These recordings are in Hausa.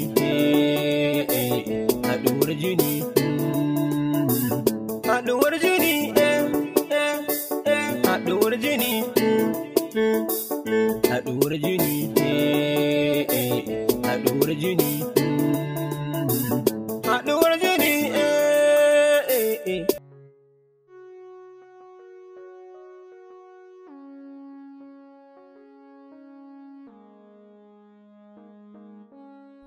Eh, eh, eh, haɗuwar jini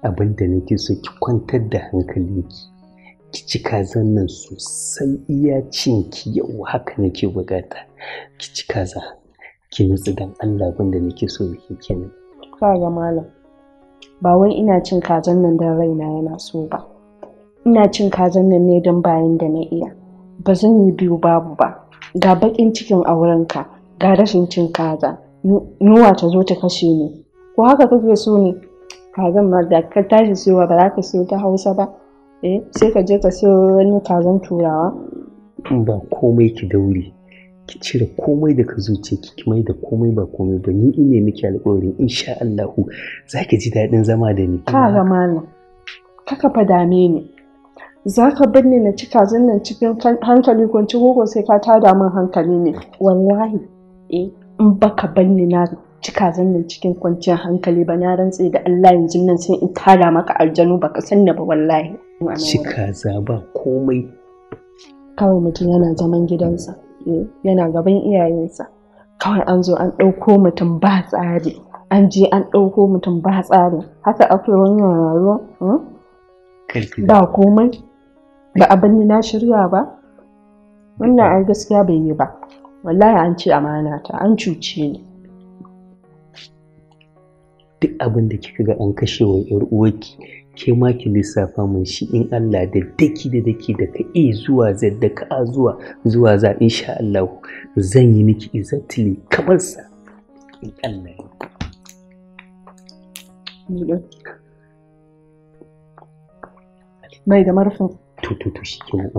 abin da nake so ki kwantar da hankalinki ki cika zannan sosai iya cinki yau haka nake bukata ki cika za ki nutsu dan Allah abin da nake so ki kenan ga malam ba wai ina cin kazan nan dan raina yana so ba ina cin kazan nan ne don bayan da na iya ba zan yi biyu babu ba ga bakin cikin aurenka ga rashin cin kaza yunwa ta zo ta kashe ni ko haka kake so ne kazan ma da ka tashi siyowa ba za ka siyo ta hausa ba eh sai ka je ka siyo wani kazan turawa ba komai ki daure ki cire komai da ka zuce ki ki mai da komai ba komai ba ni ine miki alƙawarin insha Allah za ki ji daɗin zama da ni ka ga malam kaka fa dame ni za ka bar ni na ci kazan nan cikin hankali ko ci gogo sai ka tada min hankali ne wallahi eh in baka bar ni na Cika kazan cikin kwanciyar hankali ba na rantse da Allah yanzu nan sai in tara maka aljanu baka san da ba wallahi ci kaza ba komai kawai mutum yana zaman gidansa eh, yana gaban iyayensa kawai an zo an ɗauko mutum ba tsari an je an ɗauko mutum ba tsari haka akwai wannan rayuwa hmm? ba komai ba abin na shirya ba wannan ai gaskiya bai yi ba wallahi an ce amana ta an cuce ni duk abin da kika ga an wa yar uwarki ke ma ki lissafa min shi in Allah da daki da daki da ka e zuwa z da ka a zuwa zuwa za insha Allah zan yi miki exactly kamar sa in Allah ya mai da marfin to to to shi kenan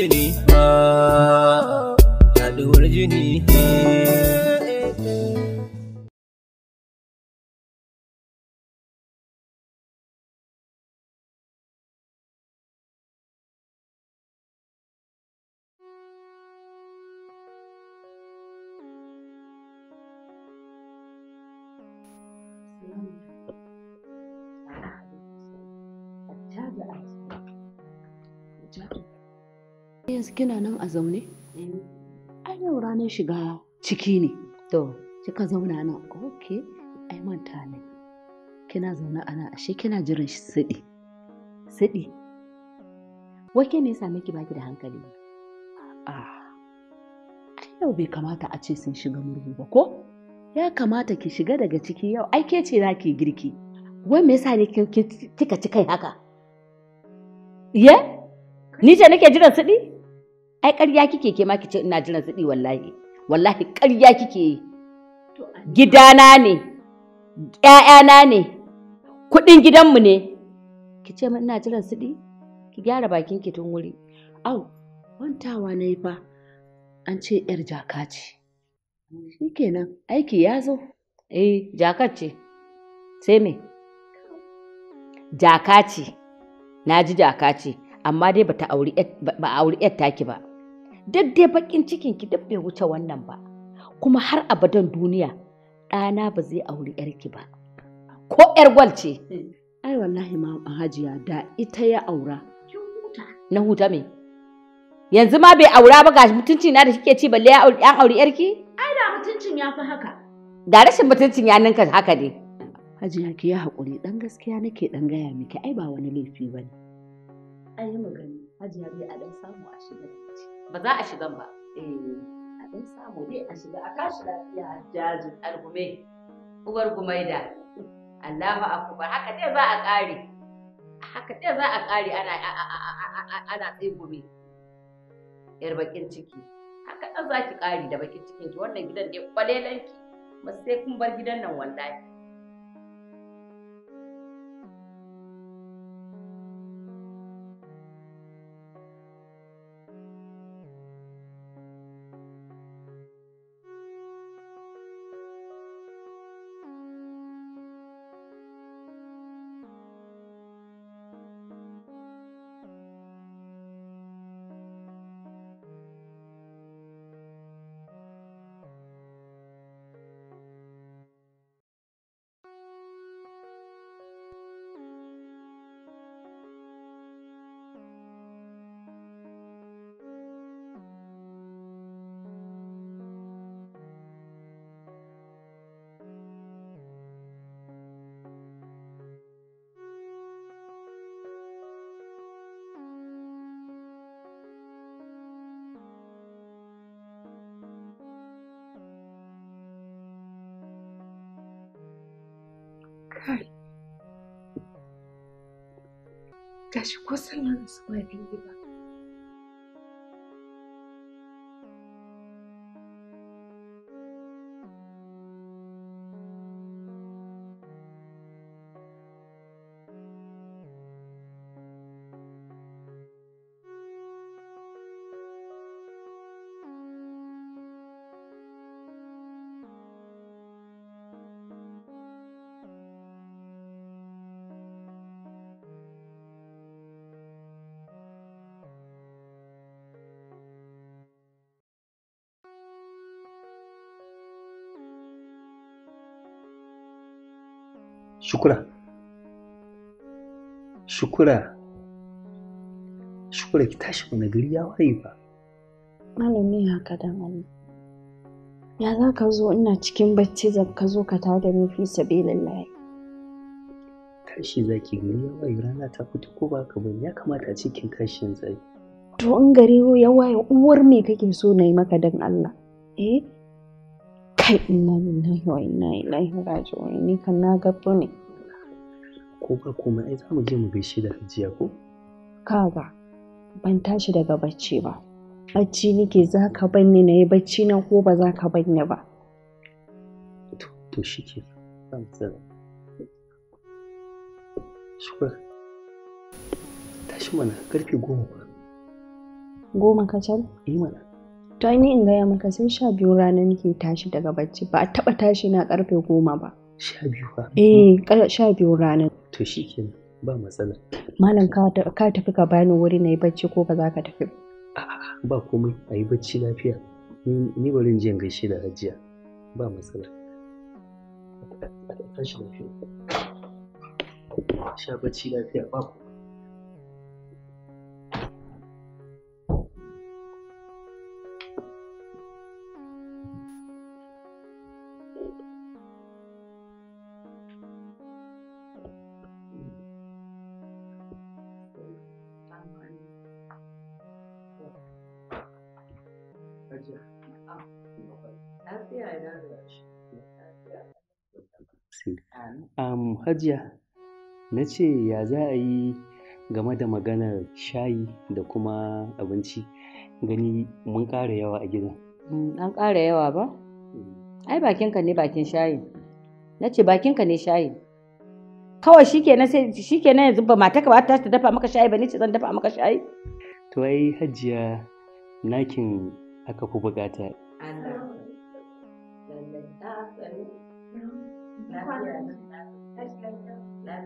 jini ba ah, yaduwar jini yanzu kina nan a zaune? Ai yau ranar shiga ciki ne. To. Kika zauna nan, ok, ai manta ne. Kina zaune ana ashe kina jiran shi sadi. Sadi. Wake me yasa miki baki da hankali? Ah. Ai yau bai kamata a ce sun shiga murhu ba ko? Ya kamata ki shiga daga ciki yau, ai ke ce za ki girki. Wai me yasa ne kika ci kai haka? Ye? Ni ce nake jiran sadi? ai ƙarya kike ke ma kice ina jiran zaɗi wallahi wallahi ƙarya kike gidana ne Ƴaƴana ne kuɗin gidanmu ne ki ce ina jiran suɗi ki gyara bakin ki tun wuri au wantawa na yi fa an ce ‘yar jaka ce shi kenan aiki ya zo eh jakar ce sai me jaka ce na ji jaka ce amma dai ba auri ‘yar taki ba duk dai bakin cikin ki duk bai wuce wannan ba kuma har abadan duniya ɗana ba zai auri yarki ba ko yar gwal ce ai wallahi ma hajiya da ita ya aura na huta me yanzu ma bai aura ba ga mutunci na da kike ci balle ya auri yarki ai da mutuncin ya fi haka da rashin mutuncin ya ninka haka ne hajiya ki ya haƙuri dan gaskiya nake dan gaya miki ai ba wani laifi bane ai yi magana hajiya bai a dan samu a shiga ba za a shigan ba eh, a ɗan samu dai a shiga a tashi lafiya hajjajin algume uwar gumaida Allahu akbar haka dai za a ƙare haka dai za a ƙare ana ana gume. yar bakin ciki haka ɗan za ki ƙare da bakin cikin ki wannan gidan ne kwalelanki ba sai kun bar gidan nan wallahi kai gashi ko sallar su ba ba shukura shukura shukura ki tashi mana gari ya waye ba malami haka dan Allah ya za ka zo ina cikin bacci zan ka zo ka tada da fi sabilillahi tashi zaki gari ya waye rana ta fito ko ba ka bane ya kamata cikin tashin zai to in gari ya waye uwar me kake so na yi maka dan Allah eh kai inna lillahi wa ni kan na ne ko ai zamu je mu gaishe da hajiya ko kaga ban tashi daga bacci ba bacci nake za ka banni na yi bacci na ko ba za ka banni ba to shukur tashi mana karfe goma goma kacal? mana to ni in gaya maka sai sha biyu ranar nake tashi daga bacci ba a taba tashi na karfe goma ba sha biyu rana eh sha biyu ranar. to shikenan ba matsala malam ka tafi ka bani wuri na yi bacci ko ba za ka tafi a'a ba komai a yi bacci lafiya ni bari in gaishe da hajiya ba matsala tashi lafiya sha bacci lafiya ba komai Hajiya, na ce ya za a yi game da maganar shayi da kuma abinci gani mun ƙara yawa a gidan. Mm, an ƙara yawa ba? Eh. Ai bakinka ne bakin shayi. Na ce bakinka ne shayi. Kawai shi ke na yanzu ba mata ka ba ta dafa maka shayi ba ni ce zan dafa maka shayi. To ai hajiya nakin aka fi bukata. Allah.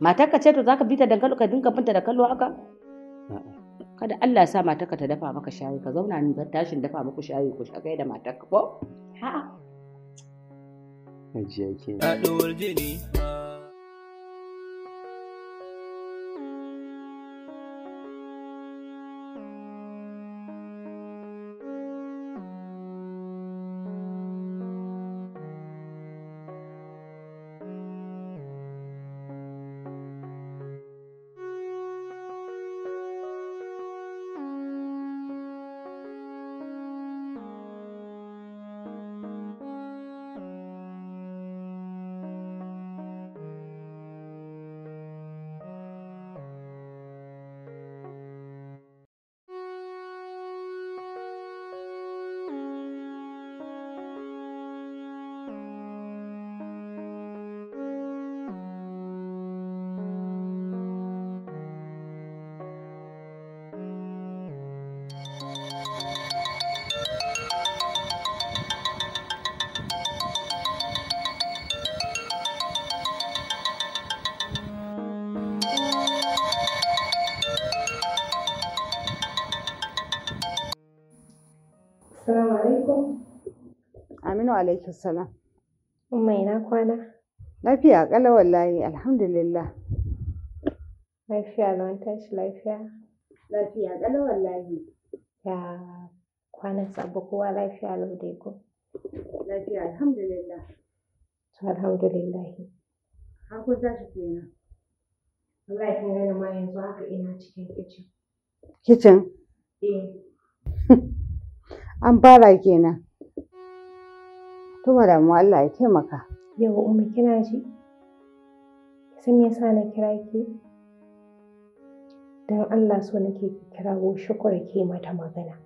mata ka ce to zaka bi ta dankali ka dinga binta da kallo haka kada Allah ya sa matar ta dafa maka shayi ka zauna ni bar tashin dafa muku shayi ku sha kai da matar ka ko a'a Ajiya ke. jini. Assalamu alaikum salam. Umma ina kwana? Lafiya ƙala wallahi alhamdulillah. Lafiya wani tashi lafiya. Lafiya ƙala wallahi. Ya kwana sabu kowa lafiya lau dai ko? Lafiya alhamdulillah. Alhamdulillah. za kun kena. kenan. Wallahi kun gani ma yanzu haka ina cikin kicin. Kicin? Eh. An fara kenan. To madam Allah ya taimaka. Yau umu kina ji? Sun yi sa na kira ki? Don Allah so nake ki kirawo shukura ke mata magana.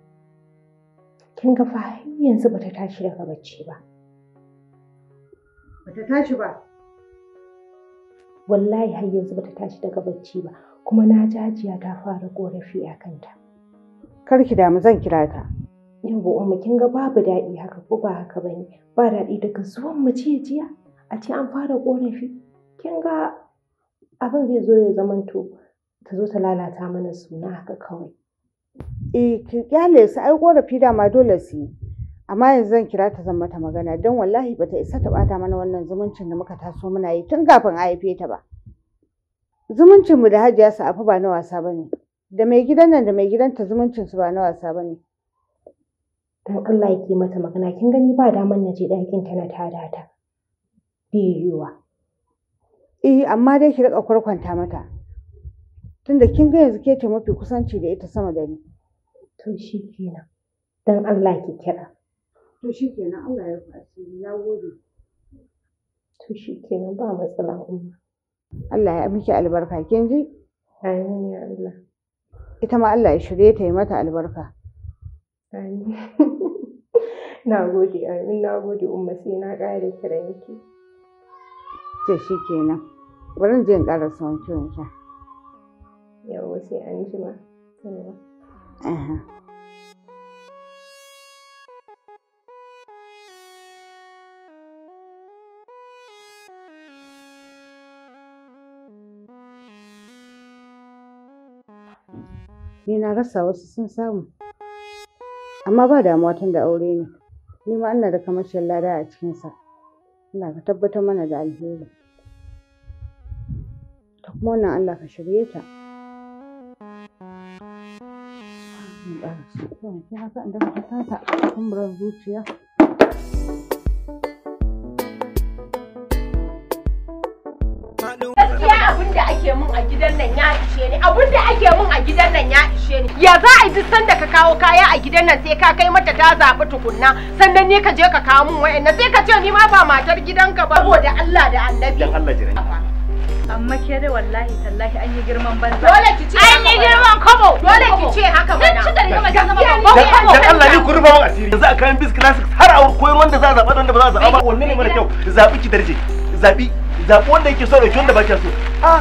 Kin ga fa yanzu bata tashi daga bacci ba. Bata tashi ba. Wallahi har yanzu bata tashi daga bacci ba kuma na jajiya ta fara korafi a kanta. Kar ki damu zan kira ta. Yawwa umma kin ga babu daɗi haka ko ba haka bane. Ba daɗi daga zuwan mu jiya a ce an fara ƙorafi. Kin ga abin zai zo ya to ta zo ta lalata mana suna haka kawai. Eh ki kyale su ai da dama dole su yi. Amma yanzu zan kira ta zan mata magana don wallahi bata isa ta bata mana wannan zumuncin da muka taso muna yi tun kafin a haife ta ba. Zumuncinmu da Hajiya Sa'afu ba na wasa bane. Da mai gidan nan da mai gidanta zumuncin su ba na wasa bane. don Allah yake mata magana kin gani ba daman na je ɗakin ta na tada ta biyuwa eh amma dai ki rika kwarkwanta mata tunda kin ga yanzu ke ta mafi kusanci da ita sama da ni to shi kenan don Allah ki kira to shi kenan Allah ya faɗi ya gode to shi kenan ba matsala umma Allah ya miki albarka kin ji amin ya Allah ita ma Allah ya shirye ta yi mata albarka Amin. Na gode, amin, na umma sai na ƙara kiranki. To shi kenan, bari in je in ƙara Ni na rasa wasu sun samu. amma ba damuwa tun da aure ne ni ma ina da kamashin lada a cikinsa ina ka tabbatar mana da alheri ta kuma wannan Allah ka shirye ta ta zuciya ake mun a gidan nan ya ishe ni da ake mun a gidan nan ya ishe ni ya za a sanda ka kawo kaya a gidan nan sai ka kai mata ta zaɓi tukunna sannan ne ka je ka kawo mun wa'annan sai ka ce ni ma ba matar gidanka ba saboda Allah da Annabi dan Allah jira amma ke dai wallahi tallahi an yi girman banza dole ki ce an yi girman kobo dole ki ce haka mana kin ci da rigama ta zama babban kobo dan Allah ni ku rufa mun asiri yanzu a kayan bis classics har a koyar wanda za a zaɓa wanda ba za a zaɓa ba wanne ne mara kyau zaɓi ki darje zaɓi zaɓi wanda yake so da wanda ba kya so ah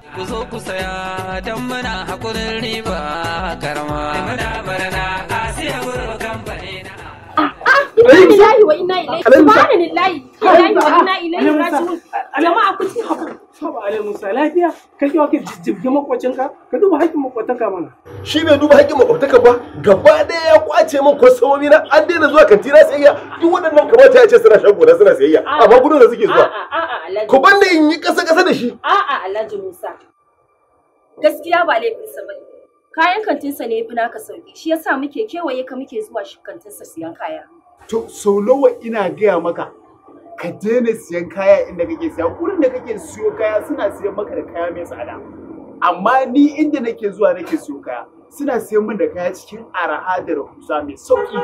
ku zo ku saya don muna hakurin riba karma. Muna barna siya kamfani na. duba mana shi bai duba haƙƙin makwataka ba gaba ya kwace min kwasomomi na an daina zuwa kantina sayayya duk waɗannan kamata ya ce suna shan gona suna sayayya amma gudun da suke zuwa ku balle in yi ƙasa ƙasa da shi a'a alhaji musa Gaskiya ba laifinsa ba ne. Kayan kantinsa ne fi naka sauki, shi yasa muke kewaye ka muke zuwa kantinsa siyan kaya. To, sau nawa ina gaya maka ka daina siyan kaya inda kake siya, wurin da kake siyo kaya suna siyan maka da kaya mai tsada. Amma ni inda nake zuwa nake siyo kaya, suna siyan min da kaya cikin araha da rahusa mai sauki.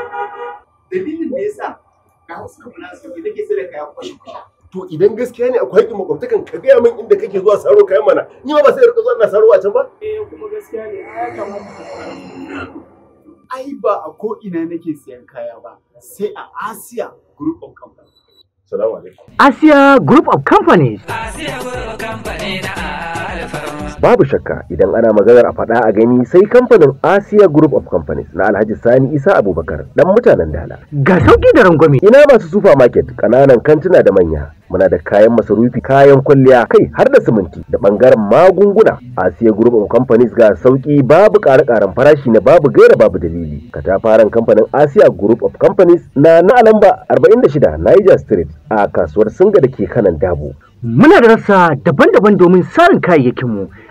Dalilin da yasa ga wasu kamfanin sauki nake sayar da kaya kwashe-kwashe. to idan gaskiya ne akwai haƙƙin makwabtakan ka gaya min inda kake zuwa saro kayan mana ni ma ba sai rika zuwa ina saro a can ba eh kuma gaskiya ne ai kamata ai ba a ko ina nake siyan kaya ba sai a Asia Group of Companies Assalamu alaikum Asia Group of Companies Asia Group of Companies na babu shakka idan ana maganar a faɗa a gani sai kamfanin Asia Group of Companies na Alhaji Sani Isa Abubakar dan mutanen Dala ga sauki da rangwame ina masu market kananan kantuna da manya muna da kayan masarufi kayan kwalliya kai har da siminti da bangaren magunguna Asia Group of Companies ga sauki babu ƙare-ƙaren farashi na babu gaira babu dalili katafaren kamfanin Asia Group of Companies na na Alamba 46 Niger Street a kasuwar Singa da ke kanan Dabo muna da rasa daban-daban domin sarin kayayyakinmu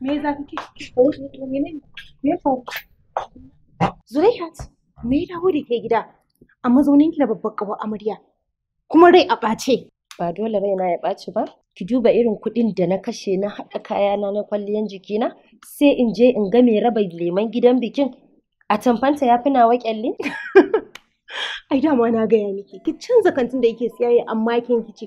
me za ka ki ko shi to menene me Zulaihat me ya dawo ke gida a mazauninki da babbar kawa amarya kuma rai a ɓace ba dole raina ya ɓaci ba ki duba irin kuɗin da na kashe na haɗa kayana na kwalliyan jikina sai in je in ga mai raba leman gidan bikin a tamfanta ya fi nawa kyalli ai dama na gaya miki ki canza kantin da yake siyayya amma kin kici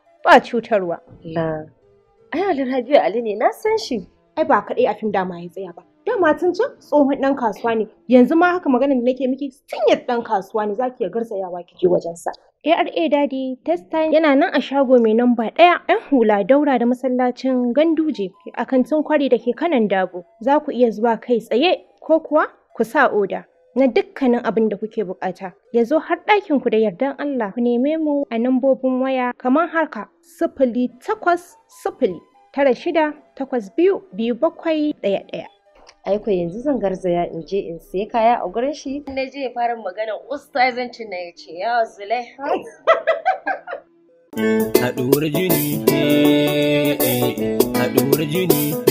ba cutarwa. La, ai Alhaji Ali ne na san shi. Ai ba kaɗai a fim dama ya tsaya ba. Dama tun can tsohon ɗan kasuwa ne, yanzu ma haka maganar da nake miki sinyar ɗan kasuwa ne za ki iya garzayawa kike wajensa. ARA Daddy test time yana nan a shago mai namba ɗaya ‘yan hula daura da masallacin ganduje a kantin kwari da ke kanan dabo. Za ku iya zuwa kai tsaye ko kuwa ku sa oda. na dukkanin abin da kuke bukata. Ya zo har ɗakin ku da yardan Allah ku neme mu a nambobin waya kamar harka sifili takwas sifili tara shida takwas biyu biyu bakwai ɗaya ɗaya. Aiko yanzu zan garzaya in je in sai kaya a gurin shi. Na je fara magana ci na ya ce yawa zulai. Haɗuwar jini, eh, eh, eh. haɗuwar jini.